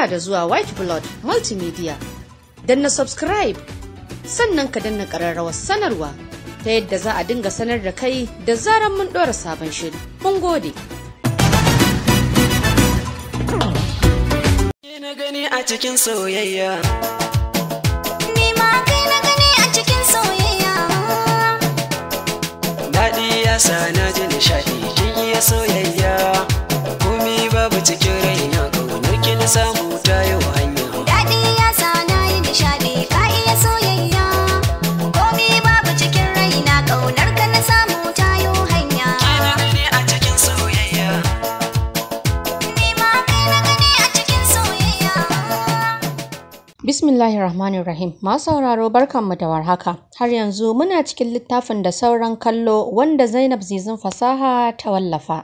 Barka da zuwa White Blood Multimedia. Danna subscribe sannan ka danna ƙararrawar sanarwa ta yadda za a dinga sanar da kai da zaran mun ɗora sabon shiri. Mun gode. Na gani a cikin na ya ji nishaɗi, kin iya soyayya. Kumi babu cikin rai. samu ta yau hanya daɗi ya sa na yi nishaɗi ka iya soyayya komi babu cikin raina ƙaunar ka na samu ta yau hanya ne a cikin soyayya ni ma kai a cikin soyayya bismillahir rahmanir rahim masu sauraro mu da warhaka har yanzu muna cikin littafin da sauran kallo wanda Zainab Zizin fasaha ta wallafa.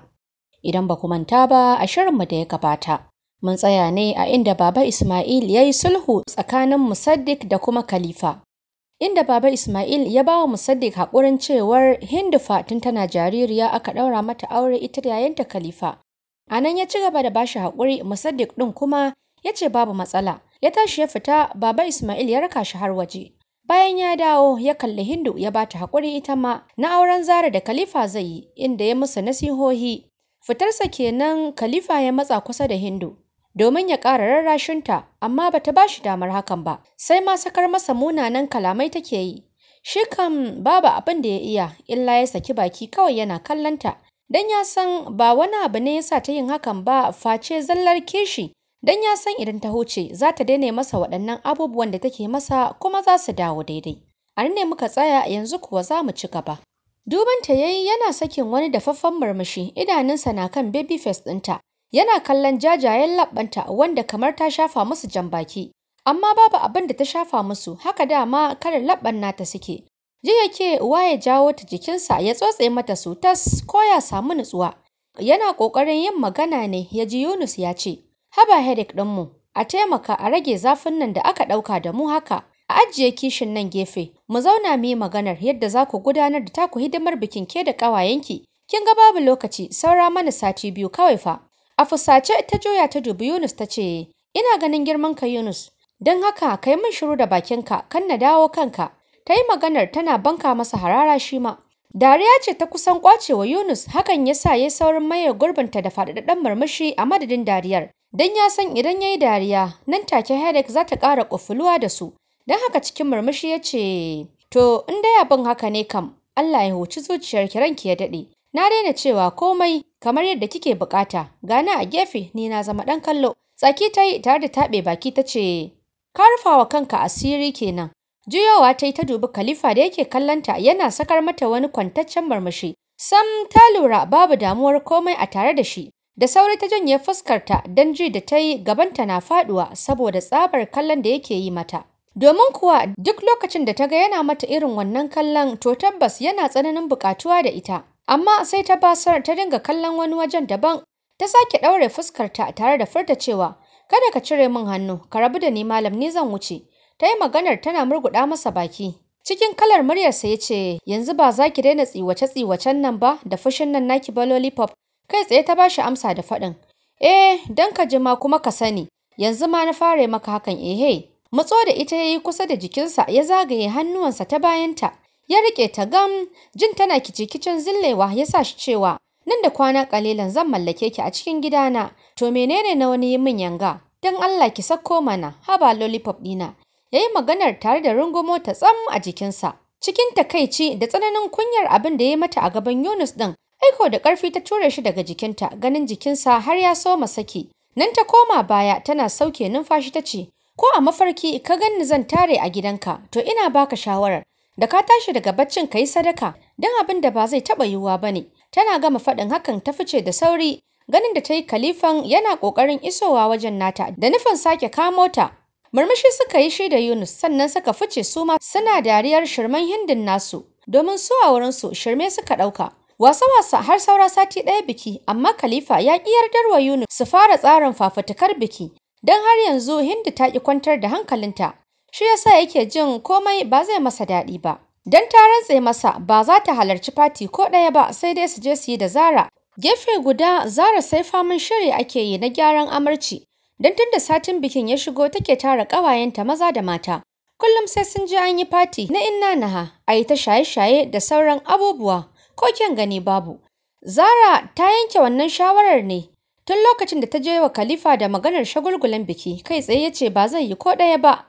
Idan ba ku manta ba a shirinmu da ya gabata, Mun tsaya ne a inda Baba Ismail ya yi sulhu tsakanin musaddiq da kuma Khalifa. Inda Baba Ismail ya ba wa Musaddik haƙurin cewar Hindu tun tana jaririya aka ɗaura mata aure ita da yayanta Khalifa. A nan ya ci gaba da bashi haƙuri musaddiq ɗin kuma ya ce babu matsala. Ya tashi ya fita Baba Ismail ya raka shi har waje. Bayan ya dawo ya kalli Hindu ya ba ta haƙuri ita ma na auren Zara da Khalifa zai yi inda ya musu nasihohi. Fitarsa kenan Khalifa ya matsa kusa da Hindu. domin ya ƙara rarrashinta amma ba ta ba shi damar hakan ba sai ma sakar masa munanan kalamai take yi shi kam babu abin da ya iya illa ya saki baki kawai yana kallonta don ya san ba wani abu ne ya sa ta yin hakan ba face zallar kishi don ya san idan ta huce za ta daina masa waɗannan abubuwan da take masa kuma za su dawo daidai a ne muka tsaya yanzu kuwa za mu ci gaba Dubanta ta yayi yana sakin wani dafaffen murmushi idanunsa na kan baby face ɗinta yana kallon jajayen labbanta wanda kamar ta shafa musu jan baki amma babu abin da ta shafa musu haka dama karin labban nata suke ji yake uwa ya jawo ta jikinsa ya tsotse mata su tas ko ya samu nutsuwa yana ƙoƙarin yin magana ne ya ji Yunus ya ce haba headache mu. a taimaka a rage zafin nan da aka ɗauka da mu haka a ajiye kishin nan gefe mu zauna mu yi maganar yadda za ku gudanar da taku hidimar bikin ke da ƙawayenki kin ga babu lokaci saura mana sati biyu kawai fa A fusace ta juya ta dubi Yunus ta ce, Ina ganin girmanka Yunus, don haka kai yi min shiru da bakinka kan na dawo kanka. Ta yi maganar tana banka masa harara shi ma. Dariya ce ta kusan kwacewa Yunus hakan ya sa ya saurin maye gurbinta da faɗaɗɗen murmushi a madadin dariyar. Don ya san idan ya yi dariya nan take Hedek za ta ƙara ƙufuluwa da su. Don haka cikin murmushi ya ce, To, in dai abin haka ne kam, Allah ya huci zuciyar ki ranki ya daɗe. Na daina cewa komai kamar yadda kike buƙata, gani a gefe ni na zama ɗan kallo. Tsaki ta yi tare da taɓe baki ta ce, Ka rufa kanka asiri kenan. Juyowa ta yi ta dubi kalifa da yake kallonta yana sakar mata wani kwantaccen murmushi. Sam ta lura babu damuwar komai a tare da shi. Da sauri ta janye fuskarta don ji da ta yi gabanta na faɗuwa saboda tsabar kallon da yake yi mata. Domin kuwa duk lokacin da ta ga yana mata irin wannan kallon to tabbas yana tsananin buƙatuwa da ita. amma sai ta basar ta dinga kallon wani wajen daban ta sake ɗaure fuskarta tare da furta cewa kada ka cire min hannu ka rabu da ni malam ni zan wuce ta yi maganar tana murguɗa masa baki cikin kalar muryarsa ya ce yanzu ba za ki daina tsiwace-tsiwacen nan ba da fushin nan naki ba lollipop kai tsaye ta bashi amsa da faɗin eh don ka ji ma kuma ka sani yanzu ma na fara maka hakan ehe Mutso da ita ya yi kusa da jikinsa ya zagaye hannuwansa ta bayanta ya riƙe ta gam jin tana kicikicin zillewa ya sa shi cewa nan da kwana ƙalilan zan mallake ki a cikin gidana to menene na wani yi min yanga don Allah ki sakko mana haba lollipop ɗina ya yi maganar tare da rungumo ta tsam a jikinsa cikin takaici da tsananin kunyar abin da ya mata a gaban Yunus ɗin aiko da ƙarfi ta ture shi daga jikinta ganin jikinsa har ya soma saki nan ta koma baya tana sauke numfashi ta ce ko a mafarki ka ganni zan tare a gidanka to ina baka shawarar da ka tashi daga baccin ka yi sadaka don abin da ba zai taɓa yiwuwa ba ne tana gama faɗin hakan ta fice da sauri ganin da ta yi kalifan yana ƙoƙarin isowa wajen nata da nufin sake kamo ta murmushi suka yi shi da yunus sannan suka fice su ma suna dariyar shirman hindin nasu domin su a wurinsu shirme suka ɗauka Wasa-wasa har saura sati ɗaya biki, amma Khalifa ya ƙi yardar wa Yunus su fara tsarin fafutukar biki, don har yanzu Hindu ta ƙi kwantar da hankalinta. shi yasa yake jin komai ba zai masa daɗi ba Don ta rantse masa ba za ta halarci fati ko ɗaya ba sai dai su je su yi da Zara gefe guda Zara sai faman shiri ake yi na gyaran amarci Don tun da satin bikin ya shigo take tara ƙawayenta maza da mata kullum sai sun je an yi fati na inna naha a yi ta shaye-shaye da sauran abubuwa ko kyan gani babu Zara ta yanke wannan shawarar ne tun lokacin da ta je wa Khalifa da maganar shagulgulan biki kai tsaye ya ce ba zai yi ko ɗaya ba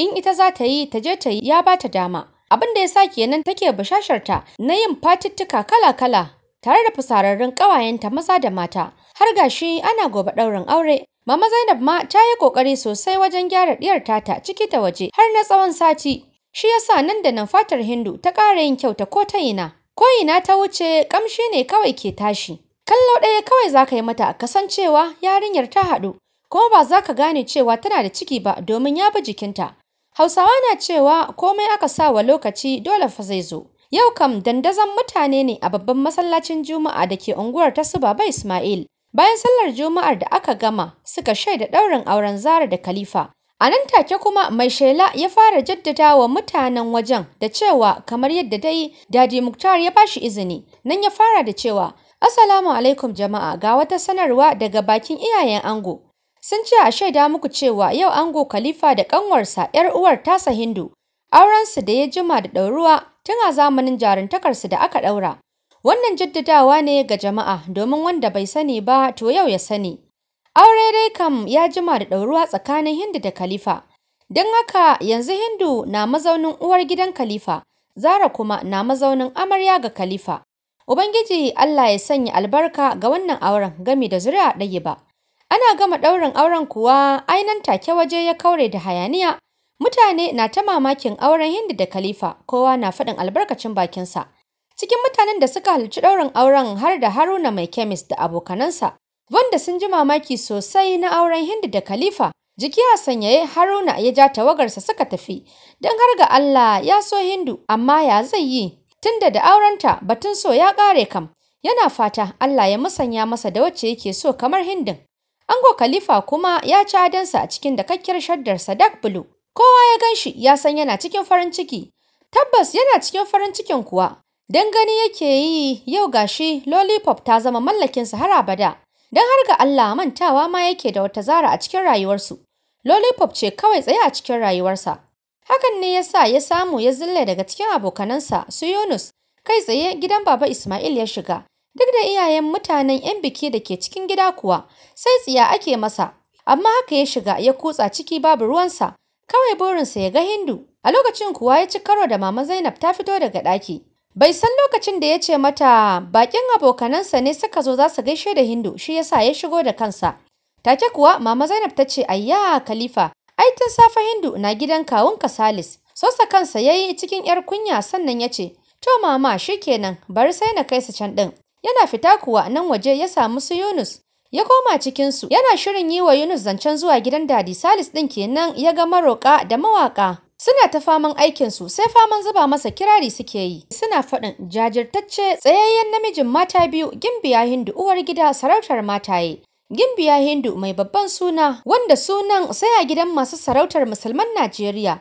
in ita za ta yi ta je ta yi ya ba ta dama abin da ya sa kenan take bashasharta na yin fatittuka kala-kala tare da fusararrun ƙawayenta maza da mata har gashi ana gobe ɗaurin aure mama Zainab ma ta yi ƙoƙari sosai wajen gyara ɗiyar tata ciki da waje har na tsawon sati shi yasa nan da nan fatar Hindu ta ƙara yin kyauta ko ta ina ko ina ta wuce ƙamshi ne kawai ke tashi kallo ɗaya kawai za ka yi mata a kasancewa yarinyar ta haɗu kuma ba za ka gane cewa tana da ciki ba domin ya bi jikinta Hausawa na cewa komai aka sa wa lokaci dole fa zai zo. Yau kam dandazon mutane ne a babban masallacin Juma'a da ke unguwar ta su Baba Ismail. Bayan sallar Juma'ar da aka gama suka shaida ɗaurin auren Zara da Khalifa. A nan take kuma mai shela ya fara jaddada wa mutanen wajen da cewa kamar yadda dai Dadi Muktar ya ba shi izini. Nan ya fara da cewa Assalamu alaikum jama'a ga wata sanarwa daga bakin iyayen ango. sun ce a shaida muku cewa yau ango Khalifa da ƙanwarsa ‘yar uwar tasa Hindu, aurensu da ya jima da ɗauruwa tun a zamanin jaruntakarsu da aka ɗaura. Wannan jaddadawa ne ga jama'a domin wanda bai sani ba to yau ya sani. Aure dai kam ya jima da ɗauruwa tsakanin Hindu da Khalifa. Don haka yanzu Hindu na mazaunin uwar gidan Khalifa, Zara kuma na mazaunin amarya ga Khalifa. Ubangiji Allah ya sanya albarka ga wannan auren gami da zuri'a ɗaya ba. Ana gama ɗaurin auren kuwa ai take waje ya kaure da hayaniya. Mutane na ta mamakin auren Hindu da Khalifa, kowa na faɗin albarkacin bakinsa. Cikin mutanen da suka halarci ɗaurin auren har da Haruna mai kemis da abokanansa, wanda sun ji mamaki sosai na auren Hindu da Khalifa. Jiki a sanyaye Haruna ya ja tawagarsa suka tafi, don har ga Allah ya so Hindu, amma ya zai yi, tunda da aurenta batun so ya ƙare kam. Yana fata Allah ya musanya masa da wacce yake so kamar hindin Ango Khalifa kuma ya ci adansa a cikin dakakkiyar shaddar Sadak blue. Kowa ya gan shi ya san yana cikin farin ciki. Tabbas yana cikin farin cikin kuwa. Dan gani yake yi yau gashi lollipop ta zama mallakin sa har abada. Dan har ga Allah mantawa ma yake da wata zara a cikin rayuwarsu. Lollipop ce kawai tsaye a cikin rayuwarsa. Hakan ne yasa ya samu ya zille daga cikin abokanansa su Yunus kai tsaye gidan Baba Ismail ya shiga Duk da iyayen mutanen ‘yan biki da ke cikin gida kuwa sai tsiya ake masa, amma haka ya shiga ya kutsa ciki babu ruwansa, kawai burinsa ya ga Hindu. A lokacin kuwa ya ci karo da Mama Zainab ta fito daga ɗaki. Bai san lokacin da ya ce mata baƙin abokanansa ne suka zo za su gaishe da Hindu shi yasa ya shigo da kansa. Take kuwa Mama Zainab ta ce ayya Khalifa ai tun safe Hindu na gidan kawunka Salis. Sosa kansa ya yi cikin ‘yar kunya sannan ya ce to mama shi kenan bari sai na kai su can ɗin. Yana fita kuwa nan waje ya samu su Yunus ya koma cikinsu yana shirin yi wa Yunus zancen zuwa gidan Dadi Salis ɗin kenan ya ga maroƙa da mawaƙa suna ta faman aikinsu sai faman zuba masa kirari suke yi suna faɗin jajirtacce tsayayyen namijin mata biyu gimbiya hindu uwar gida sarautar mataye gimbiya hindu mai babban suna wanda sunan sai a gidan masu sarautar musulman najeriya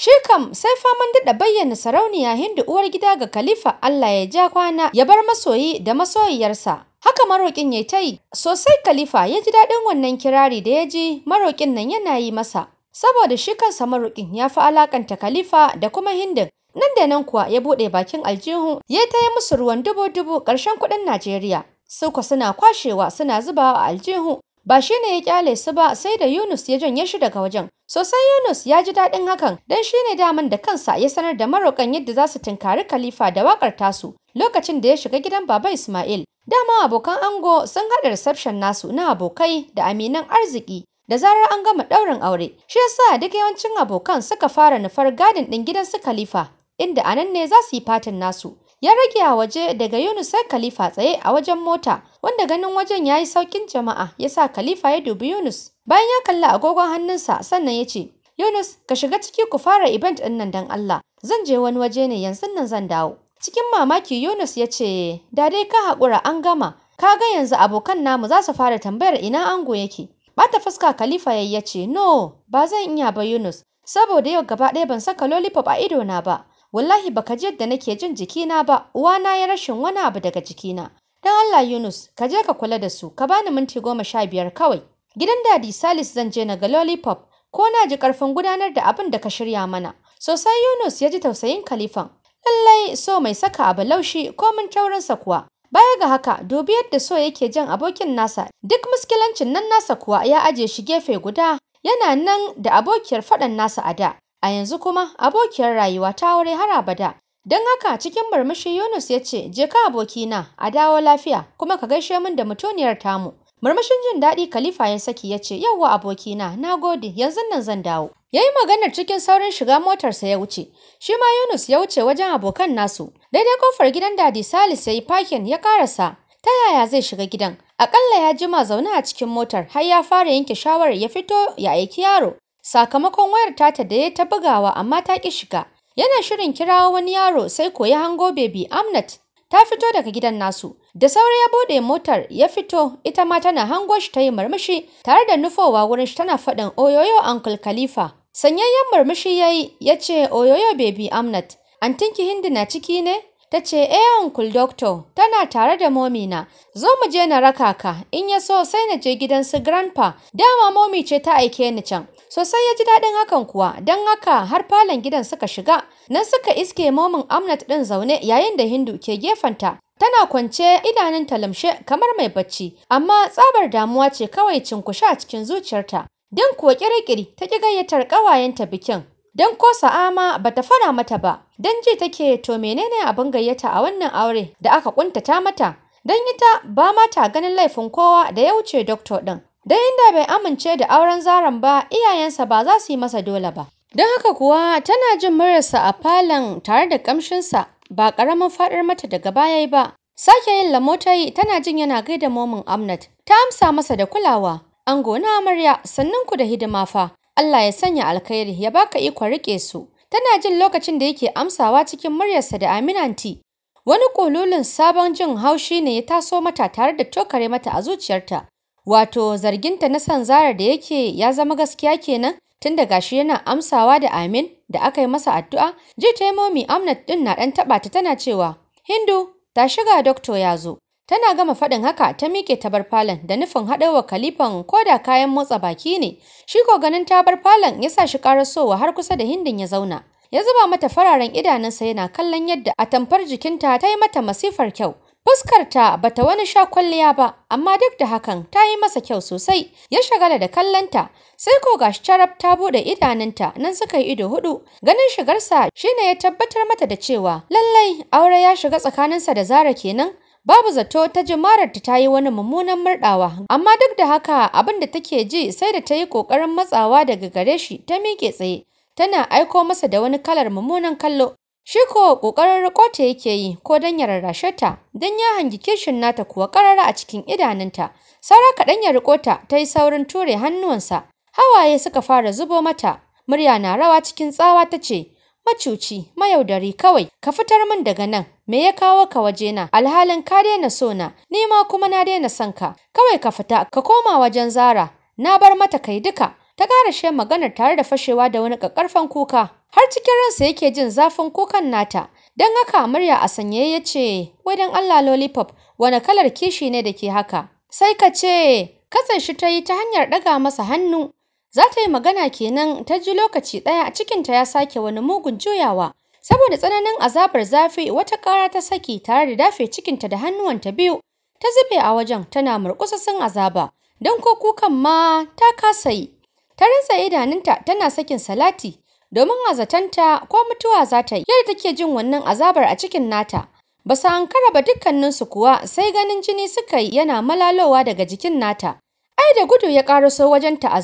Shi kam sai faman daɗa bayyana sarauniya Hindu uwar gida ga Khalifa Allah ya ja kwana ya bar masoyi da masoyiyarsa. Haka maroƙin ya ta yi, sosai Khalifa ya ji daɗin wannan kirari da ya ji maroƙin nan yana yi masa. Saboda shi kansa maroƙin ya fi alaƙanta Khalifa da kuma Hindu. Nan da nan kuwa ya buɗe bakin aljihu ya ta yi musu ruwan dubu-dubu ƙarshen kuɗin Najeriya. Suka suna kwashewa suna zubawa a aljihu ba shi ne ya ƙyale su ba sai da Yunus ya janye shi daga wajen. Sosai Yunus ya ji daɗin hakan don shi ne daman da kansa ya sanar da maroƙan yadda za su tunkari Khalifa da waƙar tasu lokacin da ya shiga gidan Baba Ismail. Dama abokan ango sun haɗa reception nasu na abokai da aminan arziki da zarar an gama ɗaurin aure. Shi yasa duk yawancin abokan suka fara nufar gadin ɗin gidan su Khalifa inda a nan ne za su yi fatin nasu. Ya rage a waje daga Yunus sai Khalifa tsaye a wajen mota wanda ganin wajen ya yi sauƙin jama'a ya sa Khalifa ya dubi Yunus Bayan ya kalli agogon hannunsa sannan ya ce, Yunus ka shiga ciki ku fara event ɗin nan don Allah, zan je wani waje ne yanzu nan zan dawo. Cikin mamaki Yunus ya ce, da dai ka haƙura an gama, ka ga yanzu abokan namu za su fara tambayar ina ango yake. Ɓata fuska Khalifa ya ce, no ba zan iya ba Yunus, saboda yau gaba ɗaya ban saka lollipop a ido na ba. Wallahi baka ji yadda nake jin jikina ba, uwana ya rashin wani abu daga jiki na. Don Allah Yunus, ka je ka kula da su, ka bani minti goma sha biyar kawai. Gidan Dadi Salis zan je na ga lollipop ko na ji ƙarfin gudanar da abin da ka shirya mana. Sosai Yunus ya ji tausayin kalifan, Lallai so mai saka abu laushi komin taurinsa kuwa. Baya ga haka, dubi yadda so yake jan abokin nasa, duk muskilancin nan nasa kuwa ya aje shi gefe guda, yana nan da abokiyar faɗan nasa a da. A yanzu kuma abokiyar rayuwa ta aure har abada. Don haka cikin murmushi Yunus ya ce, "Je ka abokina, a dawo lafiya, kuma ka gaishe min da mutuniyar tamu." Murmushin jin daɗi Khalifa ya saki ya ce, "Yawwa abokina, na gode, yanzu nan zan dawo." Ya yi maganar cikin saurin shiga motarsa ya wuce, shi ma Yunus ya wuce wajen abokan nasu. Daidai ƙofar gidan Dadi Salis ya yi fakin ya karasa, ta yaya zai shiga gidan? Aƙalla ya jima zaune a cikin motar har ya fara yanke shawarar ya fito ya aiki yaro. Sakamakon wayar tata da ya ta bugawa amma ta ƙi shiga. Yana shirin kirawo wani yaro sai ko ya hango bebi Amnat ta fito daga gidan nasu. Da sauri ya bude motar ya fito ita ma tana hango shi ta yi murmushi tare da nufowa wurin shi tana faɗin oyoyo Uncle Khalifa. Sanyayyen murmushi ya yi ce oyoyo baby Amnat, antinki Hindi na ciki ne? Ta ce eh Uncle Doctor tana tare da momi na. Zo mu je na raka ka in ya so sai na je gidan su grandpa. Dama momi ce ta aike ni can. Sosai ya ji daɗin hakan kuwa don haka har falon gidan suka shiga. Nan suka iske momin Amnat ɗin zaune yayin da Hindu ke gefanta. tana kwance idanunta lamshe kamar mai bacci amma tsabar damuwa ce kawai cinkushe a cikin zuciyarta don kuwa ƙirƙiri ta ƙi gayyatar ƙawayenta bikin don ko sa'ama bata fara mata ba don ji take to menene abin gayyata a wannan aure da aka kuntata mata don ita ba ma ta ganin laifin kowa da ya wuce doctor ɗin don inda bai amince da auren zaran ba iyayensa ba za su yi masa dole ba don haka kuwa tana jin muryarsa a falon tare da ƙamshinsa ba ƙaramin faɗar mata daga baya ba. Sake yin lamo tana jin yana gaida momin Amnat, ta amsa masa da kulawa. Ango na amarya sannan ku da hidima fa, Allah ya sanya alkhairi ya baka ikon riƙe su. Tana jin lokacin da yake amsawa cikin muryarsa da aminanti. Wani kololin sabon jin haushi ne ya taso mata tare da tokare mata a zuciyarta. Wato zarginta na son zara da yake ya zama gaskiya kenan tun da gashi yana amsawa da amin. da aka yi masa addu'a ji ta momi amnat ɗin na dan taɓa ta tana cewa hindu ta shiga dokto ya zo tana gama faɗin haka ta miƙe ta bar falon da nufin haɗawa kalifan ko da kayan motsa baki ne shi ko ganin ta bar falon ya sa shi ƙarasowa har kusa da hindin ya zauna ya zuba mata fararen idanunsa yana kallon yadda atamfar jikinta ta yi mata masifar kyau Fuskarta ba ta wani sha kwalliya ba, amma duk da hakan ta yi masa kyau sosai, ya shagala da kallonta, sai ko gashi carab ta buɗe idanunta nan suka yi ido hudu, Ganin shigarsa shi ne ya tabbatar mata da cewa lallai aure ya shiga tsakaninsa da Zara kenan. Babu zato ta ji mararta ta yi wani mummunan murɗawa, amma duk da haka abin da take ji sai da ta yi ƙoƙarin matsawa daga gare shi ta miƙe tsaye, tana aiko masa da wani kalar mummunan kallo. Shi ko ƙoƙarin riƙo ta yake yi ko don ya rarrashe ta, don ya hangi kishin nata kuwa ƙarara a cikin idanunta. Saura kaɗan ya riƙo ta, ta yi saurin ture hannuwansa. Hawaye suka fara zubo mata, murya na rawa cikin tsawa ta ce, Macuci, mayaudari kawai, ka fitar min daga nan, me ya kawo ka wajena, alhalin ka daina sona, ni ma kuma na daina son ka, kawai ka fita, ka koma wajen Zara, na bar mata kai duka. ta ƙara shan magana tare da fashewa da wani ƙaƙƙarfan kuka har cikin ransa yake jin zafin kukan nata don haka murya a sanye ya ce wai don Allah lollipop wani kalar kishi ne da ke haka sai ka ce katsan shi ta yi ta hanyar ɗaga masa hannu za ta yi magana kenan ta ji lokaci ɗaya cikinta ya sake wani mugun juyawa saboda tsananin azabar zafi wata ƙara ta saki tare da dafe cikinta da hannuwanta biyu ta zube a wajen tana murƙusassun azaba don ko kukan ma ta kasa yi ta rantsa idanunta tana sakin salati domin a zatanta ko mutuwa za ta yi yadda take jin wannan azabar a cikin nata ba su hankara ba dukkaninsu kuwa sai ganin jini suka yi yana malalowa daga jikin nata ai da gudu ya karaso wajen ta a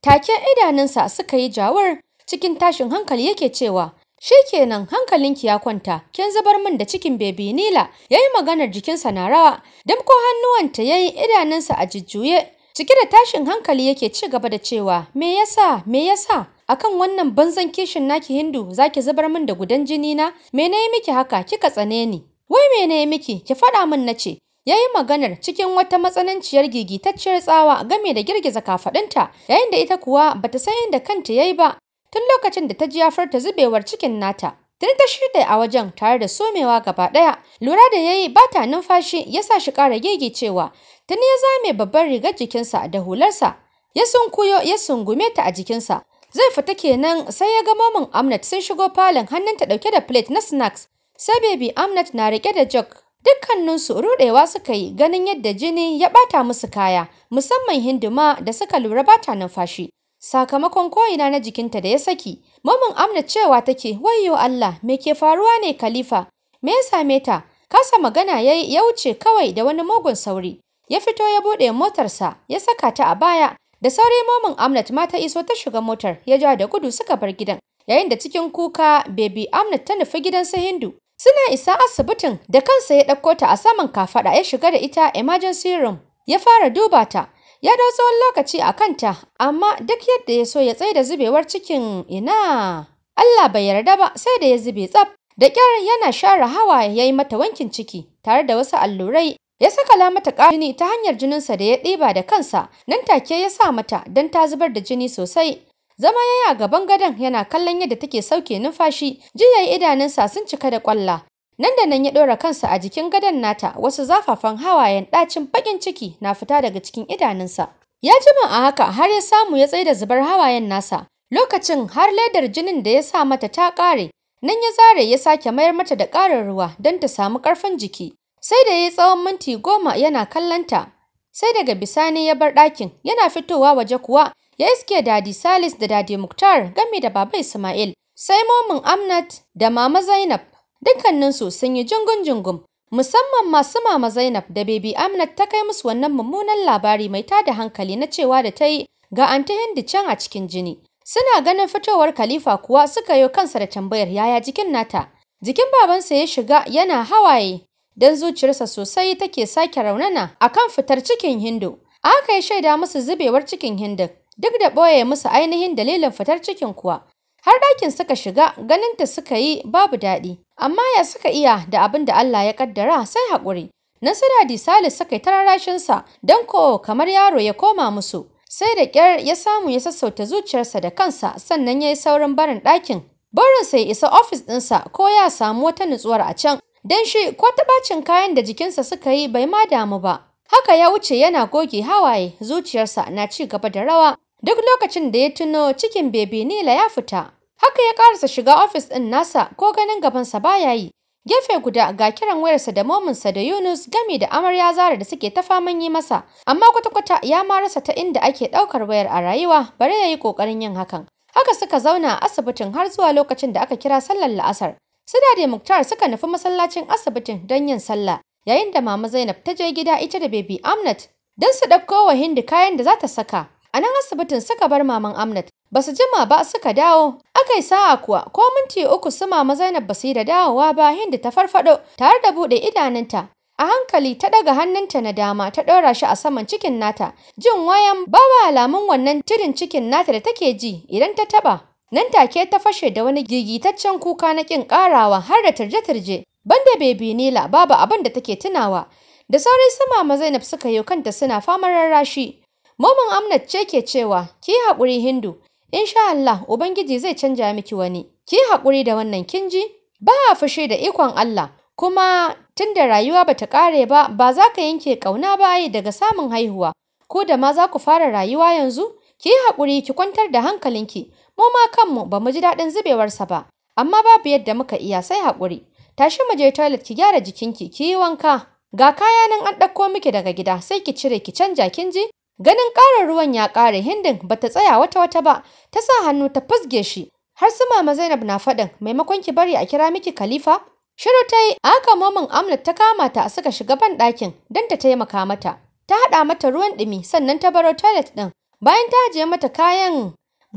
take idanunsa suka yi jawar cikin tashin hankali yake cewa Shi kenan hankalinki ya kwanta kin zubar min da cikin bebi nila yayi maganar jikinsa na rawa damko hannuwanta yayi idanunsa a jujjuye cike da tashin hankali yake ci gaba da cewa me yasa me yasa akan wannan banzan kishin naki hindu zaki zubar min da gudan jini na me nayi miki haka kika tsane ni wai me ne miki ki faɗa min na nace yayi maganar cikin wata matsananciyar gigitacciyar tsawa game da girgiza kafaɗinta, yayin da ita kuwa bata san yadda kanta yayi ba tun lokacin da ta ji ta zubewar cikin nata tun ta shirya a wajen tare da somewa gaba ɗaya lura da yayi bata numfashi ya sa shi kara gigicewa Tuni ya zame babban rigar jikinsa da hularsa, ya sunkuyo ya sungume ta a jikinsa. Zai fita kenan sai ya ga momin Amnat sun shigo falon hannunta ɗauke da plate na snacks. Sai baby Amnat na rike da jug. Dukkaninsu ruɗewa suka yi ganin yadda jini ya bata musu kaya, musamman hinduma da suka lura bata numfashi. sakamakon ko'ina na jikinta da ya saki. momin amnat cewa take, "Wayyo Allah, me ke faruwa ne Khalifa? Me ya same ta?" Kasa magana yayi ya wuce kawai da wani mugun sauri. ya fito ya buɗe motarsa ya saka ta a baya da sauri momin Amnat ma ta iso ta shiga motar ya ja da gudu suka bar gidan yayin da cikin kuka baby Amnat ta nufi gidan su Hindu suna isa asibitin da kansa ya ɗauko ta a saman kafaɗa ya shiga da ita emergency room ya fara duba ta ya dau tsawon lokaci a kanta amma duk yadda ya so ya da zubewar cikin ina Allah bai yarda ba sai da ya zube tsaf da kyar yana share hawa ya yi mata wankin ciki tare da wasu allurai ya sakala mata jini ta hanyar jininsa da ya ɗiba da kansa nan take ya sa mata don ta zubar da jini sosai zama ya yi a gaban gadon yana kallon yadda take sauke numfashi jiya idanunsa sun cika da ƙwalla nan da nan ya ɗora kansa a jikin gadon nata wasu zafafan hawayen ɗacin baƙin ciki na fita daga cikin idanunsa ya jima a haka har ya samu ya tsaida zubar hawayen nasa lokacin har ledar jinin da ya sa mata ta ƙare nan ya zare ya sake mayar mata da ƙarin ruwa don ta samu ƙarfin jiki sai da ya yi tsawon minti goma yana kallonta sai daga bisani ya bar ɗakin yana fitowa waje kuwa ya iske dadi salis da dadi muktar gami da baba ismail sai momin amnat da mama zainab dukkaninsu sun yi jingun-jingun musamman masu mama zainab da bebi amnat ta kai musu wannan mummunan labari mai tada hankali na cewa da ta yi ga anti hindi can a cikin jini suna ganin fitowar khalifa kuwa suka yo kansa da tambayar yaya jikin nata jikin babansa ya shiga yana hawaye don zuciyarsa sosai take sake raunana A kan fitar cikin Hindu. Aka yi shaida musu zubewar cikin Hindu. duk da ɓoye musu ainihin dalilin fitar cikin kuwa. Har ɗakin suka shiga ganinta suka yi babu daɗi, amma ya suka iya da abin da Allah ya ƙaddara sai haƙuri. Nasara di Salis suka yi tararashinsa don ko kamar yaro ya koma musu. Sai da ƙyar ya samu ya sassauta zuciyarsa da kansa sannan ya yi saurin barin ɗakin. Burinsa ya isa ofis ɗinsa ko ya samu wata nutsuwar a can. don shi ko ta bacin kayan da jikinsa suka yi bai ma damu ba. Haka ya wuce yana goge hawaye zuciyarsa na ci gaba da rawa duk lokacin da ya tuno cikin bebe Nila ya fita. Haka ya ƙarasa shiga ofis ɗin nasa ko ganin gabansa baya yi. Gefe guda ga kiran wayarsa da mominsa da Yunus gami da amarya Zara da suke ta faman yi masa, amma kwata-kwata ya ma rasa ta inda ake ɗaukar wayar a rayuwa bare ya yi ƙoƙarin yin hakan. Haka suka zauna a asibitin har zuwa lokacin da aka kira sallar la'asar. Suna da Muktar suka nufi masallacin asibitin don yin sallah, yayin da Mama Zainab ta je gida ita da Baby Amnat don su ɗauko wa Hindu kayan da za ta saka. A nan asibitin suka bar Maman Amnat, ba su jima ba suka dawo. Aka yi sa'a kuwa ko minti uku su Mama Zainab ba su yi da dawowa ba Hindu ta farfaɗo tare da buɗe idanunta. A hankali ta ɗaga hannunta na dama ta ɗora shi a saman cikin nata, jin wayan babu alamun wannan tirin cikin nata da take ji idan ta taɓa. nan take ta fashe da wani gigitaccen kuka na kin karawa har da tarje-tarje banda baby Nila babu abin da take tunawa da sauri sama ma Zainab suka yi kanta suna famar rarrashi Momin Amnat ce ke cewa ki haƙuri Hindu insha Allah ubangiji zai canja miki wani ki haƙuri da wannan kinji ba a fashe da ikon Allah kuma tunda rayuwa bata kare ba ba za ka yanke kauna ba daga samun haihuwa ko da ma za ku fara rayuwa yanzu Ki yi haƙuri ki kwantar da hankalinki, mu ma kanmu ba mu ji daɗin zubewarsa ba, amma babu yadda muka iya sai haƙuri. Tashi mu je toilet ki gyara jikinki, ki yi wanka. Ga kaya nan an ɗauko miki daga gida sai ki cire ki canja kin ji? Ganin ƙarin ruwan ya ƙare hindin ba ta tsaya wata wata ba, ta sa hannu ta fusge shi. Har su mama Zainab na faɗin maimakon ki bari a kira miki Khalifa. Shiru ta yi aka momin Amnat ta kama ta a suka shiga ban ɗakin don ta taimaka mata. Ta haɗa mata ruwan ɗumi sannan ta baro toilet ɗin. bayan ta ajiye mata kayan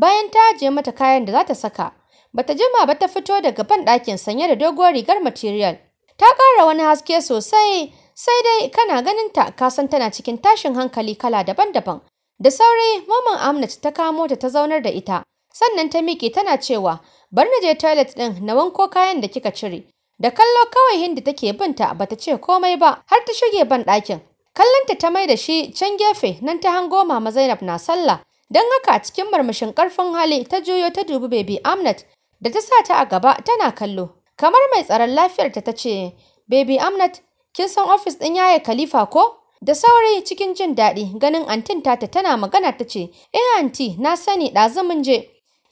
bayan ta ajiye mata kayan da zata saka bata jima ba ta fito daga banɗakin sanye da doguwar rigar material ta ƙara wani haske sosai sai dai kana ganin ta ka san tana cikin tashin hankali kala daban-daban da sauri maman amnat ta kamo ta ta zaunar da ita sannan ta miƙe tana cewa bari na je toilet ɗin na wanko kayan da kika cire da kallo kawai Hindi take binta bata ce komai ba har ta shige ban ɗakin kallonta ta mai da shi can gefe nan ta hango mama Zainab na sallah don haka a cikin marmashin ƙarfin hali ta juyo ta dubi baby Amnat da ta sa ta a gaba tana kallo kamar mai tsaron lafiyarta ta ce baby Amnat kin san ofis ɗin yaye Khalifa ko da saurayi cikin jin daɗi ganin antin tata tana magana ta ce eh anti na sani ɗazu mun je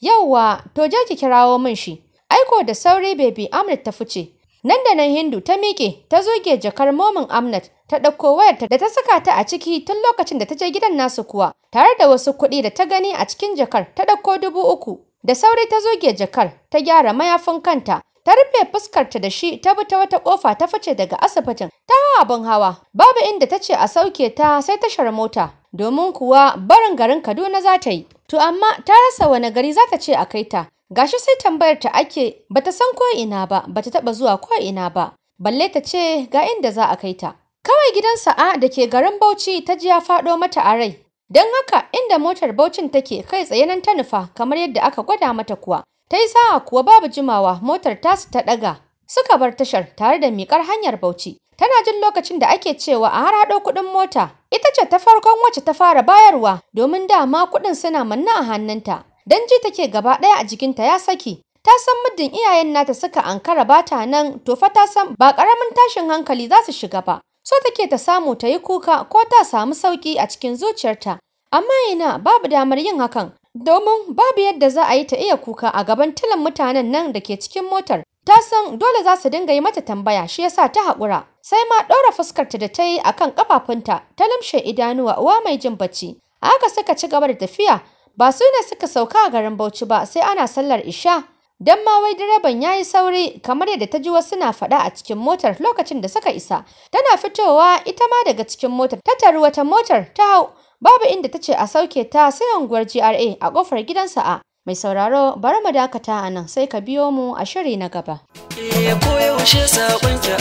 yauwa to je ki kirawo min shi aiko da sauri baby Amnat ta fice Nan da nan Hindu ta miƙe ta zoge jakar momin Amnat ta ɗauko wayarta da ta saka ta a ciki tun lokacin da ta je gidan nasu kuwa tare da wasu kuɗi da ta gani a cikin jakar ta ɗauko dubu uku. Da sauri ta zoge jakar ta gyara mayafin kanta ta rufe fuskarta da shi ta bi ta wata ƙofa ta fice daga asibitin ta hawa abin hawa babu inda ta ce a sauke ta sai tashar mota domin kuwa barin garin Kaduna za ta yi. To amma ta rasa wani gari za ta ce a kai ta gashi sai tambayar ta ake bata san ko ina ba bata taba zuwa ko ina ba balle ta ce ga inda za a kai ta kawai gidan sa'a da ke garin Bauchi ta ji ya faɗo mata a rai don haka inda motar Bauchin take kai tsaye nan ta nufa kamar yadda aka gwada mata kuwa ta yi sa'a kuwa babu jimawa motar ta tasu ta ɗaga suka bar tashar tare da miƙar hanyar Bauchi tana jin lokacin da ake cewa a harhaɗo kuɗin mota ita ce ta farkon wacce ta fara bayarwa domin dama kuɗin suna manna a hannunta dan ji take gaba ɗaya a jikinta ya saki ta san muddin iyayen nata suka ankara ba ta nan to fa ta san ba karamin tashin hankali za su shiga ba so take ta samu ta yi kuka ko ta samu sauki a cikin zuciyarta amma ina babu damar yin hakan domin babu yadda za a yi ta iya kuka a gaban tilan mutanen nan da ke cikin motar ta san dole za su dinga yi mata tambaya shi yasa ta haƙura sai ma ɗora fuskarta da ta yi a kan ƙafafunta ta lamshe idanuwa uwa mai jin bacci haka suka ci gaba da tafiya ba su ne suka sauka a garin Bauchi ba sai ana sallar Isha dan ma wai direban yayi sauri kamar yadda ta ji wasu na faɗa a cikin motar lokacin da suka isa tana fitowa ita ma daga cikin motar ta taru wata motar ta hau babu inda ta ce a sauke ta sai unguwar GRA a kofar gidansa a mai sauraro bari mu dakata a nan sai ka biyo mu a shiri na gaba eh,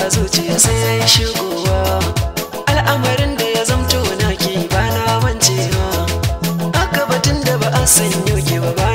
a zuciya sai shigowa al'amarin da san yau ba